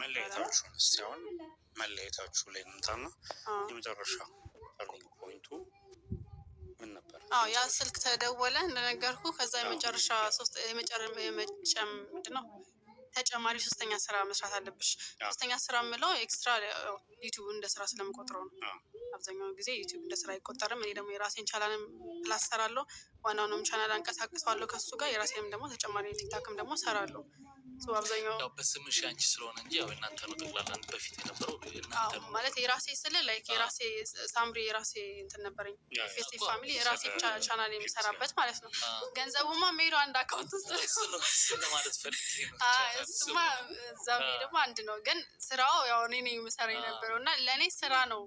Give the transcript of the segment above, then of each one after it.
መለያየታችሁን እስቲ አሁን መለያየታችሁ ላይ እንምጣና የመጨረሻ ታርኒንግ ፖይንቱ ምን ነበር? አዎ ያ ስልክ ተደወለ እንደነገርኩ። ከዛ የመጨረሻ ሶስት የመጨም ምንድን ነው ተጨማሪ ሶስተኛ ስራ መስራት አለብሽ። ሶስተኛ ስራ የምለው ኤክስትራ ዩቲዩብ እንደ ስራ ስለምቆጥረው ነው። አብዛኛውን ጊዜ ዩቲዩብ እንደ ስራ አይቆጠርም። እኔ ደግሞ የራሴን ቻናልም ፕላስ ሰራለሁ። ዋናውንም ቻናል አንቀሳቅሰዋለሁ ከሱ ጋር የራሴንም ደግሞ ተጨማሪ ቲክታክም ደግሞ ሰራለሁ። በስምሽ አንቺ ስለሆነ እንጂ ያው እናንተ ነው ጠቅላላ በፊት የነበረው ማለት የራሴ ስል ላይክ የራሴ ሳምሪ የራሴ እንትን ነበረኝ ፌስቲቭ ፋሚሊ የራሴ ቻናል የሚሰራበት ማለት ነው። ገንዘቡማ ሜሮ አንድ አካውንት ውስጥ እሱማ እዛ ደግሞ አንድ ነው። ግን ስራው ያው እኔ ነው የምሰራ የነበረው እና ለእኔ ስራ ነው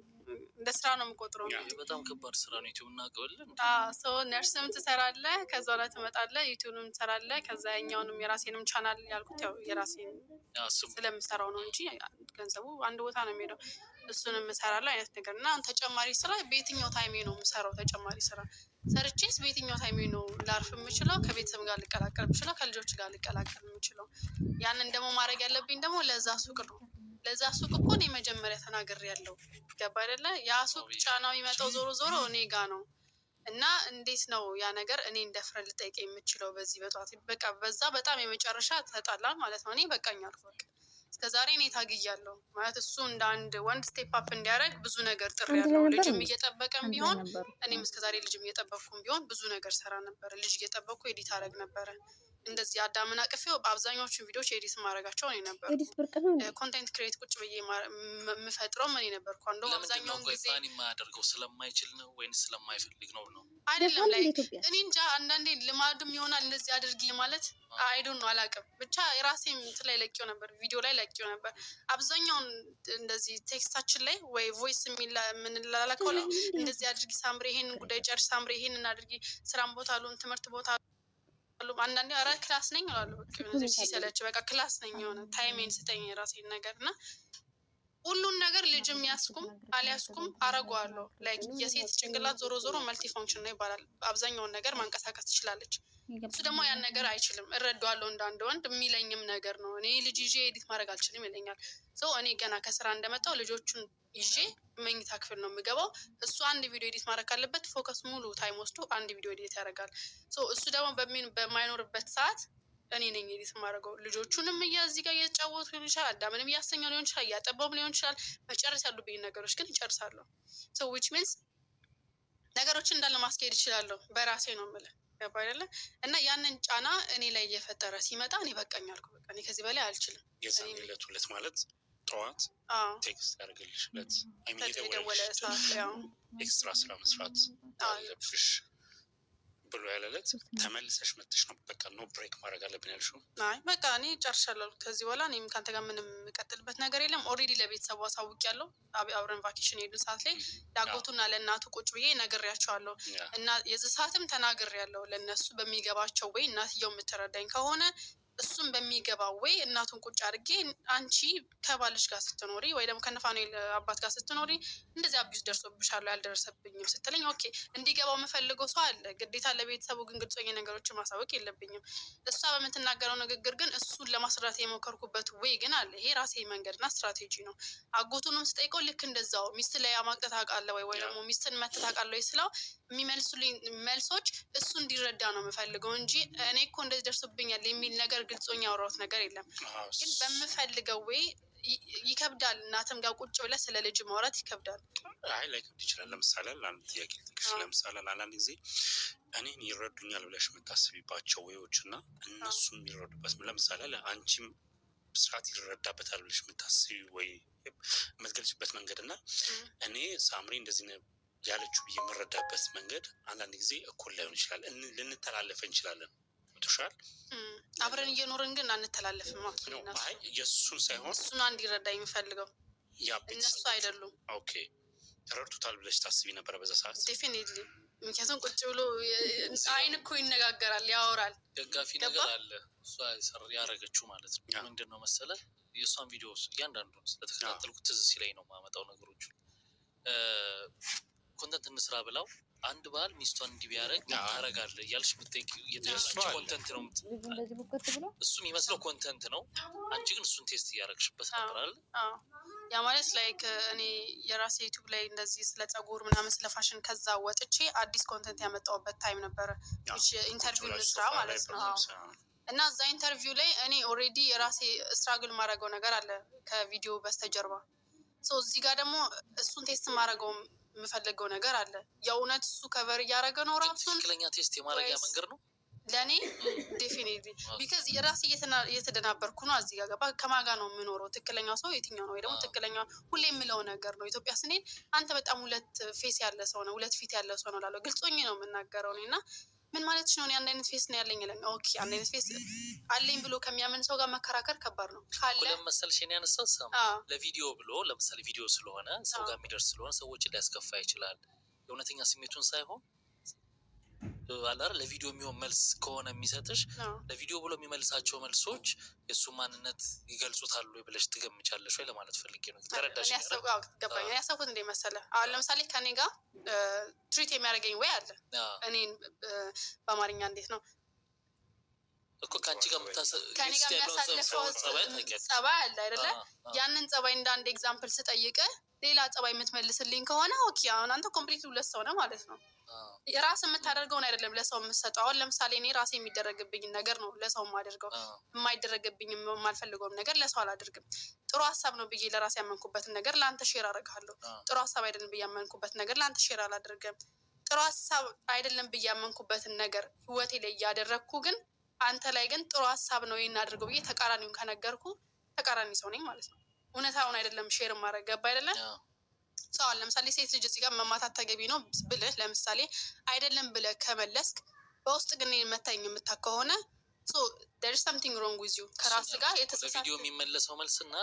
እንደ ስራ ነው የምቆጥረው። በጣም ከባድ ስራ ነው። ዩቲዩብ እናቀበልን። ሰው ነርስም ትሰራለ፣ ከዛ ላይ ትመጣለ፣ ዩቲዩብም ትሰራለ ከዛ ያኛውንም የራሴንም ቻናል ያልኩት ያው የራሴን ስለምሰራው ነው እንጂ ገንዘቡ አንድ ቦታ ነው የሚሄደው። እሱንም እሰራለሁ አይነት ነገር እና ተጨማሪ ስራ በየትኛው ታይሜ ነው የምሰራው? ተጨማሪ ስራ ሰርቼስ በየትኛው ታይሜ ነው ላርፍ የምችለው? ከቤተሰብ ጋር ልቀላቀል የምችለው? ከልጆች ጋር ልቀላቀል የምችለው? ያንን ደግሞ ማድረግ ያለብኝ ደግሞ ለዛ ሱቅ ነው ለዛ ሱቅ እኮ እኔ መጀመሪያ ተናገር ያለው ገባ አይደለ? ያ ሱቅ ጫናው የሚመጣው ዞሮ ዞሮ እኔ ጋ ነው። እና እንዴት ነው ያ ነገር እኔ እንደ ፍረንድ ልጠይቅ የምችለው በዚህ በጠዋት በቃ በዛ በጣም የመጨረሻ ተጣላን ማለት ነው። እኔ በቃኝ አልኩ። በቃ እስከዛሬ እኔ ታግያለሁ ማለት እሱ እንደ አንድ ወንድ ስቴፕ አፕ እንዲያደርግ ብዙ ነገር ጥሪ ያለው ልጅም እየጠበቀም ቢሆን እኔም እስከዛሬ ልጅም እየጠበቅኩም ቢሆን ብዙ ነገር ሰራ ነበር። ልጅ እየጠበቅኩ ኤዲት አደረግ ነበረ እንደዚህ አዳምን አቅፌው በአብዛኛዎቹን ቪዲዮዎች ኤዲት ማድረጋቸው እኔ ነበር። ኮንቴንት ክሬት ቁጭ ብዬ የምፈጥረው እኔ ነበር። እንደውም አብዛኛውን ጊዜ የማያደርገው ስለማይችል ነው ወይ ስለማይፈልግ ነው ነው አይደለም። ላይ እኔ እንጃ አንዳንዴ ልማዱም ይሆናል እንደዚህ አድርጊ ማለት አይዶን ነው አላውቅም። ብቻ የራሴም ምት ላይ ለቂው ነበር፣ ቪዲዮ ላይ ለቂው ነበር። አብዛኛውን እንደዚህ ቴክስታችን ላይ ወይ ቮይስ የምንላላከው ላይ እንደዚህ አድርጊ ሳምሬ፣ ይሄን ጉዳይ ጨርሽ ሳምሬ፣ ይሄን እናድርጊ፣ ስራም ቦታ አሉን፣ ትምህርት ቦታ ይላሉ። አንዳንዴ ኧረ ክላስ ነኝ ይላሉ። ሲሰለች በቃ ክላስ ነኝ የሆነ ታይሜን ስጠኝ የራሴን ነገር እና ሁሉን ነገር ልጅም ያስኩም አልያስኩም አረገዋለሁ። ላይክ የሴት ጭንቅላት ዞሮ ዞሮ መልቲ ፋንክሽን ነው ይባላል። አብዛኛውን ነገር ማንቀሳቀስ ትችላለች። እሱ ደግሞ ያን ነገር አይችልም። እረዳዋለሁ እንደ አንድ ወንድ የሚለኝም ነገር ነው። እኔ ልጅ ይዤ ኤዲት ማድረግ አልችልም ይለኛል። ሰው እኔ ገና ከስራ እንደመጣው ልጆቹን ይዤ መኝታ ክፍል ነው የሚገባው። እሱ አንድ ቪዲዮ ኤዲት ማድረግ ካለበት ፎከስ ሙሉ ታይም ወስዶ አንድ ቪዲዮ ኤዲት ያደርጋል። እሱ ደግሞ በማይኖርበት ሰዓት እኔ ነኝ ኤዲት የማደርገው። ልጆቹንም እዚህ ጋር እየተጫወቱ ሊሆን ይችላል፣ አዳምንም እያስተኛው ሊሆን ይችላል፣ እያጠባውም ሊሆን ይችላል። መጨረስ ያሉብኝ ነገሮች ግን እጨርሳለሁ። ሶ ዊች ሚንስ ነገሮችን እንዳለ ማስካሄድ ይችላለሁ። በራሴ ነው የምልህ ገባ አይደለ? እና ያንን ጫና እኔ ላይ እየፈጠረ ሲመጣ እኔ በቃኝ አልኩ። በቃ እኔ ከዚህ በላይ አልችልም። የዛን ዕለት ሁለት ማለት ጠዋት ቴክስት ያደርግልሽ ዕለት ደወለ ሰዓት ኤክስትራ ስራ መስራት አለብሽ ብሎ ያለለት ተመልሰሽ መጥሽ ነው በቃ ኖ ብሬክ ማድረግ አለብን ያልሽው? አይ በቃ እኔ ጨርሻለሁ። ከዚህ በኋላ እኔም ከአንተ ጋር ምንም የምቀጥልበት ነገር የለም። ኦልሬዲ ለቤተሰቡ ያለው አብረን ቫኬሽን የሄዱ ሰዓት ላይ ለአጎቱና ለእናቱ ቁጭ ብዬ ነግሬያቸዋለሁ እና የዚህ ሰዓትም ተናግሬያለሁ ለእነሱ በሚገባቸው ወይ እናትየው የምትረዳኝ ከሆነ እሱም በሚገባው ወይ እናቱን ቁጭ አድርጌ አንቺ ከባልሽ ጋር ስትኖሪ ወይ ደግሞ ከነፋኑኤል አባት ጋር ስትኖሪ እንደዚህ አቢዩስ ደርሶብሻል ያልደረሰብኝም ስትለኝ፣ ኦኬ እንዲገባው የምፈልገው ሰው አለ። ግዴታ ለቤተሰቡ ግን ግልጾኝ ነገሮችን ማሳወቅ የለብኝም። እሷ በምትናገረው ንግግር ግን እሱን ለማስረዳት የሞከርኩበት ወይ ግን አለ። ይሄ ራሴ መንገድና ስትራቴጂ ነው። አጎቱንም ስጠይቀው ልክ እንደዛው ሚስት ላይ አማቅጠት አውቃለ ወይ ወይ ደግሞ ሚስትን መተት አውቃለ ወይ ስለው የሚመልሱልኝ መልሶች እሱ እንዲረዳ ነው የምፈልገው እንጂ እኔ እኮ እንደዚህ ደርሶብኛል የሚል ነገር ነገር ግልጾኛ ያወራሁት ነገር የለም። ግን በምፈልገው ወይ ይከብዳል። እናትም ጋር ቁጭ ብለህ ስለ ልጅ ማውራት ይከብዳል። አይ ላይከብድ ይችላል። ለምሳሌ ለአንድ ጥያቄ ልጠቅሽ። ለምሳሌ አንዳንድ ጊዜ እኔን ይረዱኛል ብለሽ የምታስቢባቸው ወዎች እና እነሱም ይረዱበት ለምሳሌ ለአንቺም ስርዓት ይረዳበታል ብለሽ የምታስቢ ወይ የምትገልጭበት መንገድ እና እኔ ሳምሪ እንደዚህ ያለችው ብዬ የምረዳበት መንገድ አንዳንድ ጊዜ እኩል ላይሆን ይችላል። ልንተላለፈ እንችላለን ገብቶሻል። አብረን እየኖርን ግን አንተላለፍም። አይ የእሱ ሳይሆን እሱን እንዲረዳ የሚፈልገው እነሱ አይደሉም። ኦኬ ተረድቶታል ብለሽ ታስቢ ነበረ በዛ ሰዓት? ዴፊኒትሊ። ምክንያቱም ቁጭ ብሎ አይን እኮ ይነጋገራል፣ ያወራል። ደጋፊ ነገር አለ እሷ ያረገችው ማለት ነው። ምንድን ነው መሰለ የእሷን ቪዲዮ እያንዳንዱ ስለተከታተልኩት ትዝ ሲለኝ ነው የማመጣው ነገሮች ኮንተንት እንስራ ብላው አንድ ባል ሚስቷን እንዲህ ቢያደርግ ታረጋለህ እያልሽ የምትጠይቂው የተሻለ ኮንተንት ነው። እሱ የሚመስለው ኮንተንት ነው። አንቺ ግን እሱን ቴስት እያደረግሽበት ነበራል። ያ ማለት ላይክ እኔ የራሴ ዩቱብ ላይ እንደዚህ ስለ ጸጉር ምናምን ስለ ፋሽን ከዛ ወጥቼ አዲስ ኮንተንት ያመጣውበት ታይም ነበረ። ኢንተርቪው ልስራ ማለት ነው እና እዛ ኢንተርቪው ላይ እኔ ኦልሬዲ የራሴ ስትራግል ማድረገው ነገር አለ ከቪዲዮ በስተጀርባ እዚህ ጋር ደግሞ እሱን ቴስት ማድረገውም የምፈልገው ነገር አለ። የእውነት እሱ ከቨር እያደረገ ነው ራሱን ትክክለኛ ቴስት የማድረጊያ መንገድ ነው ለእኔ ዴፊኒትሊ ቢካዝ የራስ እየተደናበርኩ ነው። እዚህ ጋ ገባ ከማጋ ነው የምኖረው። ትክክለኛው ሰው የትኛው ነው? ወይ ደግሞ ትክክለኛ ሁሌ የምለው ነገር ነው። ኢትዮጵያ ስኔን አንተ በጣም ሁለት ፌስ ያለ ሰው ነው፣ ሁለት ፊት ያለ ሰው ነው ላለው ግልጾኝ ነው የምናገረው እኔ እና ምን ማለት ነው? አንድ አይነት ፌስ ነው ያለኝ ለ ኦኬ፣ አንድ አይነት ፌስ አለኝ ብሎ ከሚያምን ሰው ጋር መከራከር ከባድ ነው። ለምን መሰልሽ እኔ ያነሳው ሰው ለቪዲዮ ብሎ ለምሳሌ ቪዲዮ ስለሆነ ሰው ጋር የሚደርስ ስለሆነ ሰዎች ሊያስከፋ ይችላል። የእውነተኛ ስሜቱን ሳይሆን አላር ለቪዲዮ የሚሆን መልስ ከሆነ የሚሰጥሽ ለቪዲዮ ብሎ የሚመልሳቸው መልሶች የእሱ ማንነት ይገልጹታሉ ብለሽ ትገምቻለሽ ወይ ለማለት ፈልጌ ነው። ተረዳሽ? ያሰብኩት እንደ መሰለ አሁን ለምሳሌ ከኔ ጋር ትሪት የሚያደርገኝ ወይ አለ እኔን በአማርኛ እንዴት ነው እኮ ከአንቺ ጋር ከኔ ጋር የሚያሳልፈው ጸባይ አለ አይደለ? ያንን ጸባይ እንደ አንድ ኤግዛምፕል ስጠይቅህ ሌላ ጸባይ የምትመልስልኝ ከሆነ ኦኬ፣ አሁን አንተ ኮምፕሊት ሁለት ሰው ነህ ማለት ነው። ራስ የምታደርገውን አይደለም ለሰው የምሰጠው አሁን ለምሳሌ እኔ ራሴ የሚደረግብኝ ነገር ነው ለሰው የማደርገው። የማይደረግብኝ የማልፈልገውም ነገር ለሰው አላደርግም። ጥሩ ሀሳብ ነው ብዬ ለራሴ ያመንኩበትን ነገር ለአንተ ሼር አደርግሃለሁ። ጥሩ ሀሳብ አይደለም ብዬ ያመንኩበት ነገር ለአንተ ሼር አላደርግም። ጥሩ ሀሳብ አይደለም ብዬ ያመንኩበትን ነገር ህይወቴ ላይ እያደረግኩ ግን አንተ ላይ ግን ጥሩ ሀሳብ ነው ይህን ብዬ ተቃራኒውን ከነገርኩ ተቃራኒ ሰው ነኝ ማለት ነው። እውነታውን አይደለም ሼር ማድረግ ገባ አይደለም ሰዋል። ለምሳሌ ሴት ልጅ እዚህ ጋር መማታት ተገቢ ነው ብልህ ለምሳሌ አይደለም ብለህ ከመለስክ በውስጥ ግን መታኝ የምታ ከሆነ ደርስ ከራስ ጋር የተሰሳቪዲዮ የሚመለሰው መልስና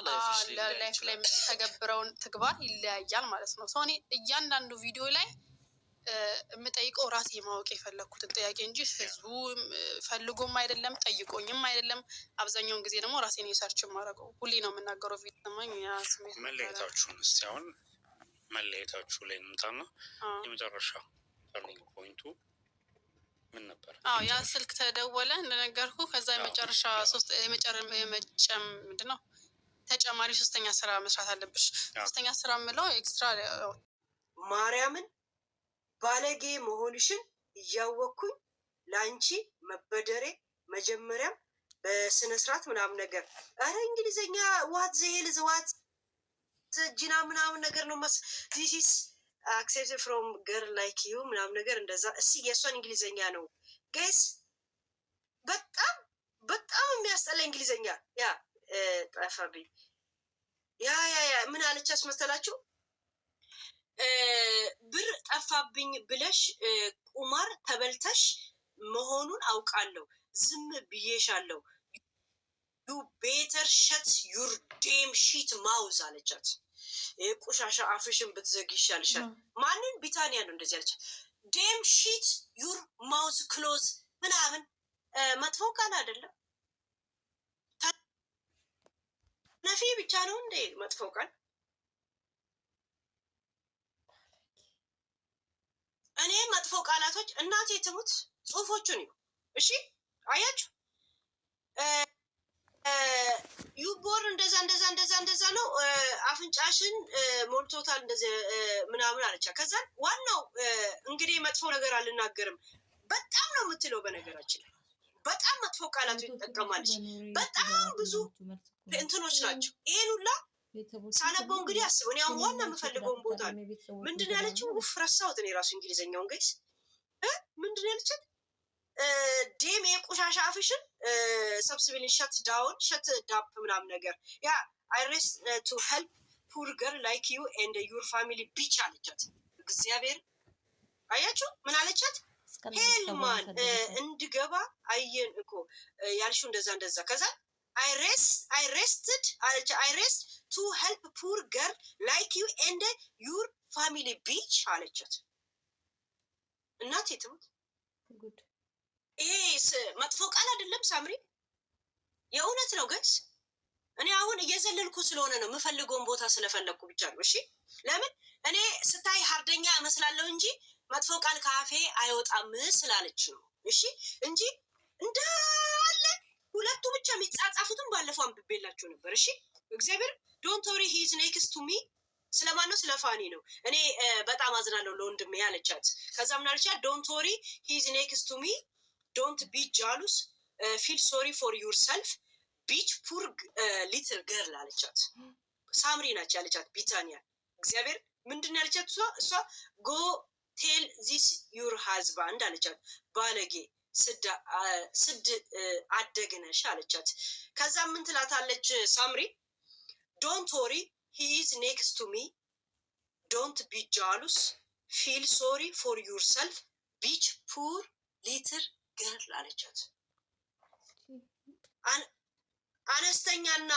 ላይፍ ላይ የምተገብረውን ተግባር ይለያያል ማለት ነው። ሰው እኔ እያንዳንዱ ቪዲዮ ላይ የምጠይቀው ራሴ ማወቅ የፈለግኩትን ጥያቄ እንጂ ህዝቡ ፈልጎም አይደለም ጠይቆኝም አይደለም። አብዛኛውን ጊዜ ደግሞ ራሴን የሰርች ማድረገው ሁሌ ነው የምናገረው። ቢሰማኝ ስሜት መለየታችሁን እስኪ አሁን መለየታችሁ ላይ እንምጣና የመጨረሻ ርኒንግ ፖይንቱ ምን ነበር? አዎ ያ ስልክ ተደወለ እንደነገርኩ። ከዛ የመጨረሻ ሶስት የመጨም ምንድን ነው ተጨማሪ ሶስተኛ ስራ መስራት አለብሽ። ሶስተኛ ስራ የምለው ኤክስትራ ማርያምን ባለጌ መሆንሽን እያወቅኩኝ ለአንቺ መበደሬ መጀመሪያም በስነ ስርዓት ምናምን ነገር ኧረ እንግሊዝኛ ዋት ዘሄል ዘዋት ዘጅና ምናምን ነገር ነው መስ ዲሲስ አክሴፕት ፍሮም ገር ላይክ ዩ ምናምን ነገር እንደዛ። እስ የእሷን እንግሊዝኛ ነው ጋይስ፣ በጣም በጣም የሚያስጠላ እንግሊዝኛ ያ ጠፋብኝ። ያ ያ ያ ምን አለች አስመሰላችሁ? ብር ጠፋብኝ ብለሽ ቁማር ተበልተሽ መሆኑን አውቃለሁ። ዝም ብዬሻለሁ። ዩ ቤተር ሸት ዩር ዴም ሺት ማውዝ አለቻት። ቆሻሻ አፍሽን ብትዘጊ ይሻልሻል። ማንን? ቢታንያ ነው እንደዚህ አለቻት። ዴም ሺት ዩር ማውዝ ክሎዝ ምናምን መጥፎ ቃል አይደለም። ነፊ ብቻ ነው እንዴ መጥፎ ቃል እኔ መጥፎ ቃላቶች እናቴ ትሙት ጽሁፎቹን እዩ። እሺ አያችሁ፣ ዩቦር እንደዛ እንደዛ እንደዛ እንደዛ ነው አፍንጫሽን ሞልቶታል እንደዚ ምናምን አለቻ። ከዛን ዋናው እንግዲህ መጥፎ ነገር አልናገርም በጣም ነው የምትለው። በነገራችን በጣም መጥፎ ቃላቶች ትጠቀማለች። በጣም ብዙ እንትኖች ናቸው ይሄን ሁላ ሳነበው እንግዲህ አስበው። እኔ አሁን ዋና የምፈልገውን ቦታ ምንድን ያለችው? ውፍ ረሳሁት። እኔ ራሱ እንግሊዝኛውን ገይስ ምንድን ያለችን? ዴም የቆሻሻ አፍሽን ሰብስቢልን ሸት ዳውን ሸት ዳፕ ምናምን ነገር ያ አይሬስ ቱ ሄልፕ ፑር ገርል ላይክ ዩ ኤንድ ዩር ፋሚሊ ቢች አለቻት። እግዚአብሔር አያችሁ ምን አለቻት? ሄልማን እንድገባ አየን እኮ ያልሹ እንደዛ እንደዛ ከዛ አይ ሬስትድ አለች። አይ ቱ ሄልፕ ፑር ገርል ላይክ ዩ ኤንድ ዩር ፋሚሊ ቢች አለቻት። እናቴ ትሙት፣ ይሄ መጥፎ ቃል አይደለም ሳምሪ፣ የእውነት ነው። ገስ እኔ አሁን እየዘለልኩ ስለሆነ ነው የምፈልገውን ቦታ ስለፈለግኩ ብቻ ነው። እሺ፣ ለምን እኔ ስታይ ሀርደኛ እመስላለሁ እንጂ መጥፎ ቃል ከአፌ አይወጣም ስላለች ነው። እሺ እንጂ እንዳ ሁለቱ ብቻ የሚጻጻፉትም ባለፈው አንብቤላችሁ ነበር። እሺ እግዚአብሔር ዶንት ወሪ ሂዝ ኔክስት ቱ ሚ ስለማን ነው? ስለ ፋኒ ነው። እኔ በጣም አዝናለሁ ለወንድሜ ያለቻት። ከዛ ምን አለቻት? ዶንት ወሪ ሂዝ ኔክስት ቱ ሚ ዶንት ቢ ጃሉስ ፊል ሶሪ ፎር ዩር ሰልፍ ቢች ፑር ሊትል ገርል አለቻት። ሳምሪ ናች ያለቻት ቢታንያ። እግዚአብሔር ምንድን ያለቻት እሷ እሷ ጎ ቴል ዚስ ዩር ሃዝባንድ አለቻት ባለጌ ስድ አደግነሽ አለቻት። ከዛ ምን ትላታለች ሳምሪ? ዶንት ወሪ ሂ ኢዝ ኔክስት ቱ ሚ ዶንት ቢ ጃሉስ ፊል ሶሪ ፎር ዩር ሰልፍ ቢች ፑር ሊትር ገርል አለቻት። አነስተኛና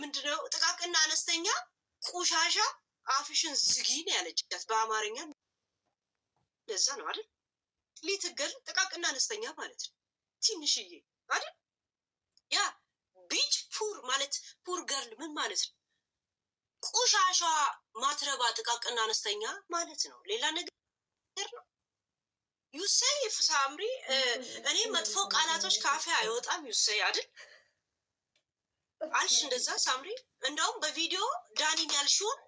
ምንድነው ጥቃቅና አነስተኛ ቁሻሻ አፍሽን ዝጊ ነው ያለቻት በአማርኛ። ለዛ ነው አይደል ልትገል ጥቃቅና አነስተኛ ማለት ነው። ትንሽዬ አይደል? ያ ቢች ፑር ማለት ፑር ገርል ምን ማለት ነው? ቆሻሻ ማትረባ ጥቃቅና አነስተኛ ማለት ነው። ሌላ ነገር ነው። ዩሰይ ሳምሪ፣ እኔ መጥፎ ቃላቶች ካፌ አይወጣም ዩሰይ አይደል አልሽ? እንደዛ ሳምሪ። እንደውም በቪዲዮ ዳኒን ያልሽውን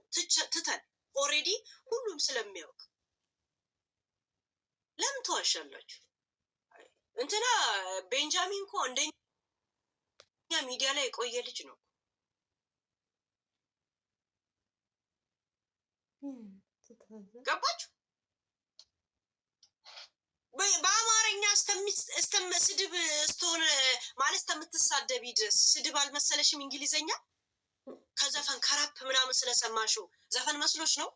ትተን ኦሬዲ ሁሉም ስለሚያውቅ ለምን ትዋሻላችሁ? እንትና ቤንጃሚን እኮ እንደኛ ሚዲያ ላይ የቆየ ልጅ ነው። ገባችሁ? በአማርኛ ስድብ ስትሆን ማለት እስከምትሳደቢ ድረስ ስድብ አልመሰለሽም? እንግሊዘኛ ከዘፈን ከራፕ ምናምን ስለሰማሽው ዘፈን መስሎች ነው።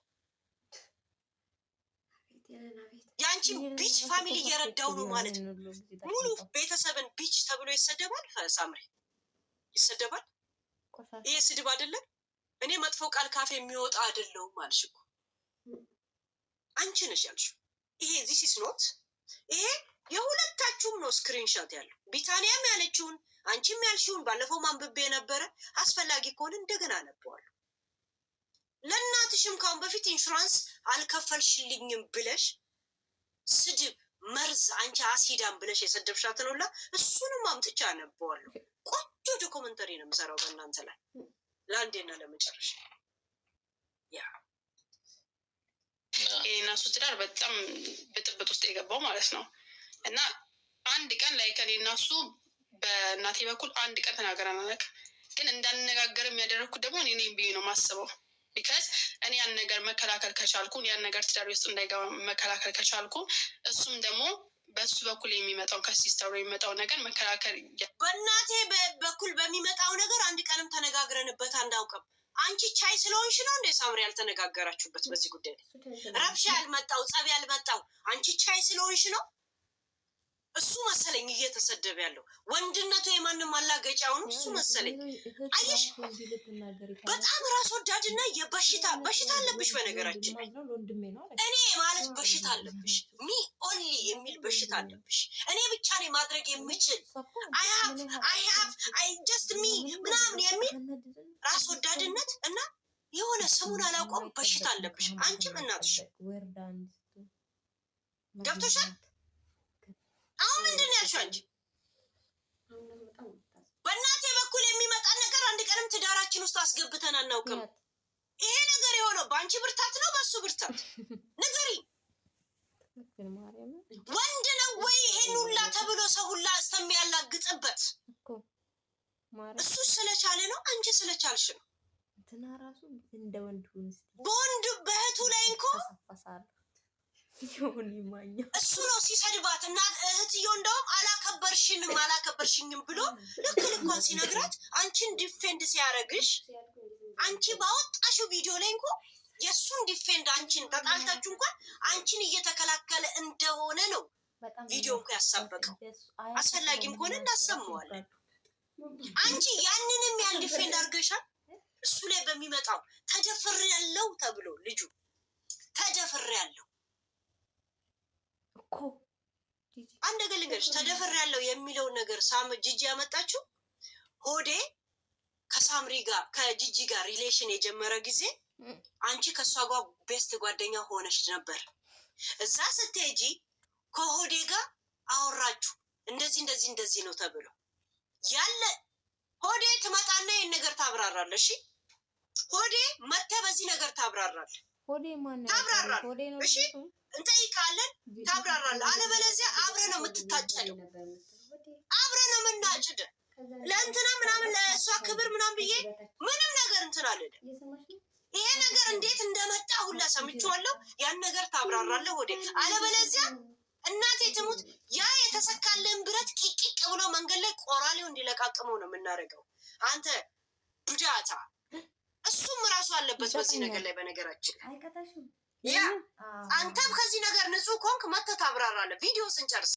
የአንቺን ቢች ፋሚሊ እየረዳው ነው ማለት ነው። ሙሉ ቤተሰብን ቢች ተብሎ ይሰደባል። ሳምሬ ይሰደባል። ይሄ ስድብ አይደለም። እኔ መጥፎ ቃል ካፌ የሚወጣ አይደለውም አልሽ እኮ አንቺ ነሽ ያልሽው። ይሄ ዚስ ኢስ ኖት ይሄ የሁለታችሁም ነው ስክሪንሻት ያለው ቢታንያም ያለችውን አንቺም ያልሽውን ባለፈው ማንብቤ የነበረ አስፈላጊ ከሆነ እንደገና አነበዋለሁ። ለእናትሽም ካሁን በፊት ኢንሹራንስ አልከፈልሽልኝም ብለሽ ስድብ መርዝ አንቺ አሲዳም ብለሽ የሰደብሻትን ሁላ እሱንም አምጥቻ አነበዋለሁ። ቆንጆ ዶኮመንተሪ ነው የምሰራው በእናንተ ላይ ለአንዴና ለመጨረሻ። ያ ትዳር በጣም ብጥብጥ ውስጥ የገባው ማለት ነው። እና አንድ ቀን ላይ ከኔ እናሱ በእናቴ በኩል አንድ ቀን ተናገረ አናውቅም። ግን እንዳንነጋገርም ያደረግኩት ደግሞ እኔ ብዬ ነው የማስበው። ቢከስ እኔ ያን ነገር መከላከል ከቻልኩ ያን ነገር ትዳር ውስጥ እንዳይገባ መከላከል ከቻልኩ እሱም ደግሞ በእሱ በኩል የሚመጣው ከሲስተሩ የሚመጣው ነገር መከላከል በእናቴ በኩል በሚመጣው ነገር አንድ ቀንም ተነጋግረንበት አንዳውቅም። አንቺ ቻይ ስለሆንሽ ነው እንደ ሳምሪ ያልተነጋገራችሁበት በዚህ ጉዳይ ላይ ረብሻ ያልመጣው ጸብ ያልመጣው አንቺ ቻይ ስለሆንሽ ነው። እሱ መሰለኝ እየተሰደበ ያለው ወንድነቱ የማንም አላገጫውን እሱ መሰለኝ። አየሽ በጣም ራስ ወዳድና የበሽታ በሽታ አለብሽ። በነገራችን እኔ ማለት በሽታ አለብሽ፣ ሚ ኦንሊ የሚል በሽታ አለብሽ። እኔ ብቻ ነኝ ማድረግ የምችል አይሃፍ አይሃፍ አይ ጀስት ሚ ምናምን የሚል ራስ ወዳድነት እና የሆነ ስሙን አላውቀውም በሽታ አለብሽ። አንቺም እናትሽ ገብቶሻል። አሁን ምንድን ነው ያልሽው አንቺ? በእናቴ በኩል የሚመጣ ነገር አንድ ቀንም ትዳራችን ውስጥ አስገብተን አናውቅም። ይሄ ነገር የሆነው በአንቺ ብርታት ነው በእሱ ብርታት? ንገሪኝ። ወንድ ነው ወይ ይሄን ሁላ ተብሎ ሰው ሁላ እስከሚያላግጥበት እሱ ስለቻለ ነው፣ አንቺ ስለቻልሽ ነው። በወንድ በእህቱ ላይ እንኳ ዮኒ ማኛ እሱ ነው ሲሰድባት እና እህትየው እንደውም አላከበርሽንም አላከበርሽኝም ብሎ ልክ ልኳን ሲነግራት አንቺን ዲፌንድ ሲያደርግሽ አንቺ ባወጣሽው ቪዲዮ ላይ እንኳ የእሱን ዲፌንድ አንቺን ተጣልታችሁ እንኳን አንቺን እየተከላከለ እንደሆነ ነው ቪዲዮ እንኳ ያሳበቀው። አስፈላጊም ከሆነ እናሰማዋለን። አንቺ ያንንም ያን ዲፌንድ አድርገሻል። እሱ ላይ በሚመጣው ተደፍሬያለሁ ተብሎ ልጁ ተደፍሬያለሁ እኮ አንድ ነገር ልንገርሽ፣ ተደፈር ያለው የሚለው ነገር ሳም ጂጂ ያመጣችው ሆዴ ከሳምሪ ጋር ከጂጂ ጋር ሪሌሽን የጀመረ ጊዜ አንቺ ከእሷ ጋር ቤስት ጓደኛ ሆነች ነበር። እዛ ስትሄጂ ከሆዴ ጋር አወራችሁ እንደዚህ እንደዚህ እንደዚህ ነው ተብሎ ያለ ሆዴ ትመጣና ይህን ነገር ታብራራለ። እሺ ሆዴ መተ በዚህ ነገር ታብራራል ታብራራል። እሺ እንጠይቃለን፣ ታብራራለህ። አለበለዚያ አብረህ ነው የምትታጨደው፣ አብረህ ነው የምናጭድ። ለእንትና ምናምን ለእሷ ክብር ምናምን ብዬ ምንም ነገር እንትን አልሄድም። ይሄ ነገር እንዴት እንደመጣ ሁላ ሰምቼዋለሁ። ያን ነገር ታብራራለህ ወደ አለበለዚያ እናቴ ትሙት፣ ያ የተሰካለን ብረት ቂቂቅ ብሎ መንገድ ላይ ቆራሌው እንዲለቃቅመው ነው የምናደርገው። አንተ ቡዳታ፣ እሱም ራሱ አለበት በዚህ ነገር ላይ በነገራችን አንተም ከዚህ ነገር ንጹህ ኮንክ መተት አብራራለ ቪዲዮ ስንጨርስ